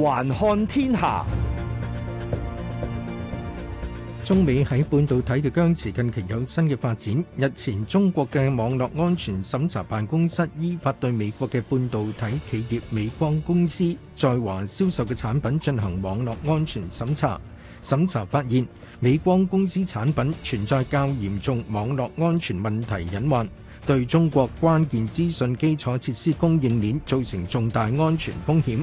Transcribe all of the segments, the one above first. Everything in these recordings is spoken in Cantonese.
環看天下，中美喺半導體嘅僵持近期有新嘅發展。日前，中國嘅網絡安全審查辦公室依法對美國嘅半導體企業美光公司在華銷售嘅產品進行網絡安全審查，審查發現美光公司產品存在較嚴重網絡安全問題隱患，對中國關鍵資訊基礎設施供應鏈造成重大安全風險。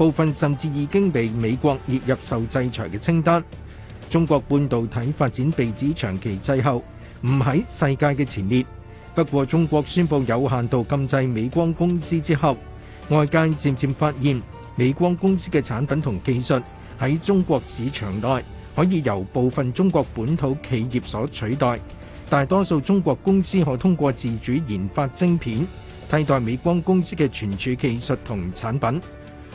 部分甚至已經被美國列入受制裁嘅清單。中國半導體發展被指長期滯後，唔喺世界嘅前列。不過，中國宣布有限度禁制美光公司之後，外界漸漸發現美光公司嘅產品同技術喺中國市場內可以由部分中國本土企業所取代。大多數中國公司可通過自主研發晶片，替代美光公司嘅存儲技術同產品。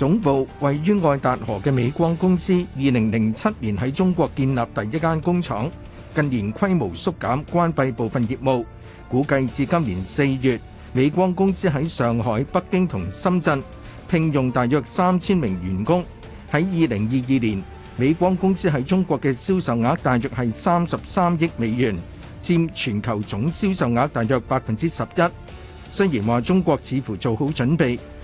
總部位於愛達荷嘅美光公司，2007年喺中國建立第一間工廠。近年規模縮減，關閉部分業務。估計至今年四月，美光公司喺上海、北京同深圳聘用大約三千名員工。喺2022年，美光公司喺中國嘅銷售額大約係三十三億美元，占全球總銷售額大約百分之十一。雖然話中國似乎做好準備。